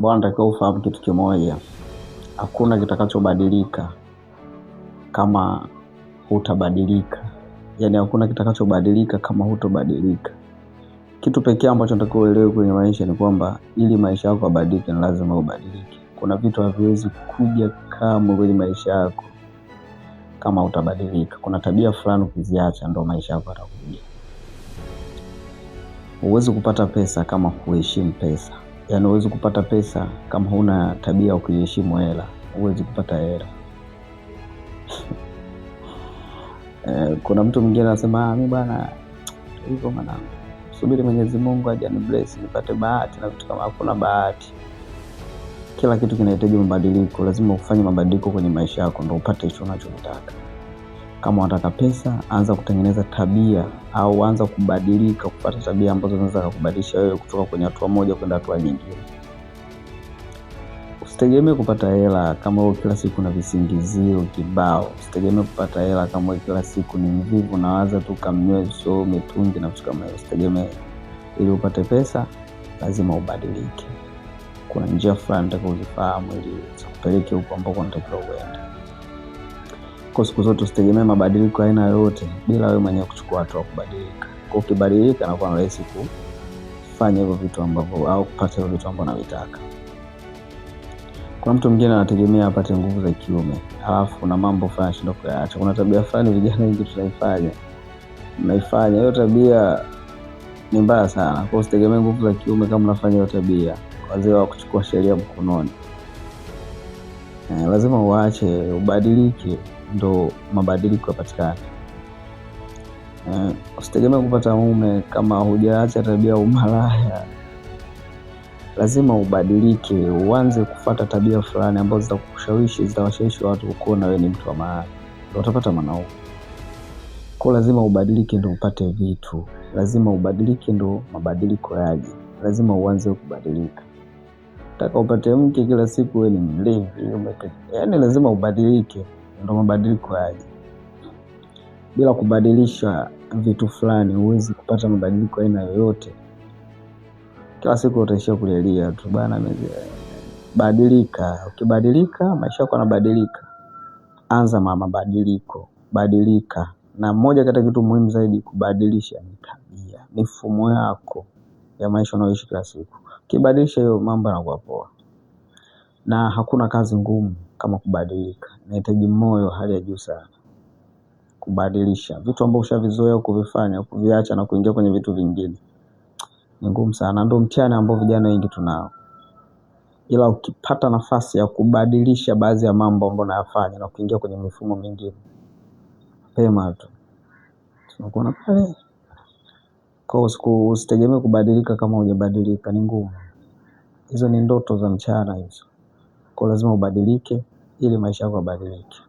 bwana, natakiwa ufahamu kitu kimoja, hakuna kitakachobadilika kama hutabadilika, yani hakuna kitakachobadilika kama hutobadilika. Kitu pekee ambacho natakiwa uelewe kwenye maisha ni kwamba ili maisha yako abadilike, ni lazima ubadilike. Kuna vitu haviwezi kuja kama kwenye maisha yako kama hutabadilika. Kuna tabia fulani ukiziacha, ndo maisha yako atakuja. Huwezi kupata pesa kama huheshimu pesa yani huwezi kupata pesa kama huna tabia ya kuiheshimu hela, huwezi kupata hela. Eh, kuna mtu mwingine anasema ah, mimi bwana hivyo mwanangu, subiri Mwenyezi Mungu aje bless nipate bahati na vitu kama. Hakuna bahati, kila kitu kinahitaji mabadiliko. Lazima ufanye mabadiliko kwenye maisha yako ndio upate hicho unachotaka. Kama unataka pesa, anza kutengeneza tabia au anza kubadilika, kupata tabia ambazo zinaweza kukubadilisha wewe kutoka kwenye hatua moja kwenda hatua nyingine. Usitegemee kupata hela kama wewe kila siku na visingizio kibao. Usitegemee kupata hela kama wewe kila siku ni mvivu, nawaza tu kamnywe so mitungi na vitu kama hivyo. Usitegemee. Ili upate pesa, lazima ubadilike. Kuna njia fulani nataka uzifahamu ili zikupeleke huko ambako unatakiwa uende kwa siku zote usitegemee mabadiliko aina yoyote bila wewe mwenyewe kuchukua hatua wa kubadilika. Kwa ukibadilika, nakuwa ni rahisi kufanya hivyo vitu ambavyo au kupata hivyo vitu ambavyo navitaka. Kuna mtu mwingine anategemea apate nguvu za kiume, halafu na mambo fulani anashindwa kuyaacha. Kuna tabia fulani vijana wengi tunaifanya naifanya hiyo tabia ni mbaya sana. Kwa usitegemee nguvu za kiume kama unafanya hiyo tabia. Wazee wa kuchukua sheria mkononi, eh, lazima uache, ubadilike ndo mabadiliko yapatikana eh, Usitegemea kupata mume kama hujaacha tabia umalaya. Lazima ubadilike, uanze kufata tabia fulani ambazo zitakushawishi, zitawashawishi watu kuona wewe ni mtu wa maana, ndo utapata mwanaume. Kwa lazima ubadilike ndo upate vitu, lazima ubadilike ndo mabadiliko yaje, lazima uanze kubadilika. Taka upate mke kila siku wewe ni mlevi, yaani lazima ubadilike ndo mabadiliko yaje. Bila kubadilisha vitu fulani huwezi kupata mabadiliko aina yoyote. Kila siku utaishia kulialia tu bana, badilika. Ukibadilika maisha yako yanabadilika. Anza ma mabadiliko, badilika. Na moja kati ya kitu muhimu zaidi kubadilisha ni tabia, mifumo yako ya maisha unayoishi kila siku. Ukibadilisha hiyo mambo yanakuwa poa, na hakuna kazi ngumu kama kubadilika. Inahitaji moyo hali ya juu sana kubadilisha vitu ambavyo ushavizoea kuvifanya, kuviacha na kuingia kwenye vitu vingine ni ngumu sana. Ndio mtihani ambao vijana wengi tunao, ila ukipata nafasi ya kubadilisha baadhi ya mambo ambayo unayafanya na kuingia kwenye mifumo mingine mapema tu tunakuona pale kwa siku. Usitegemee kubadilika kama hujabadilika, ni ngumu. Hizo ni ndoto za mchana hizo, kwa lazima ubadilike ili maisha yako yabadilike.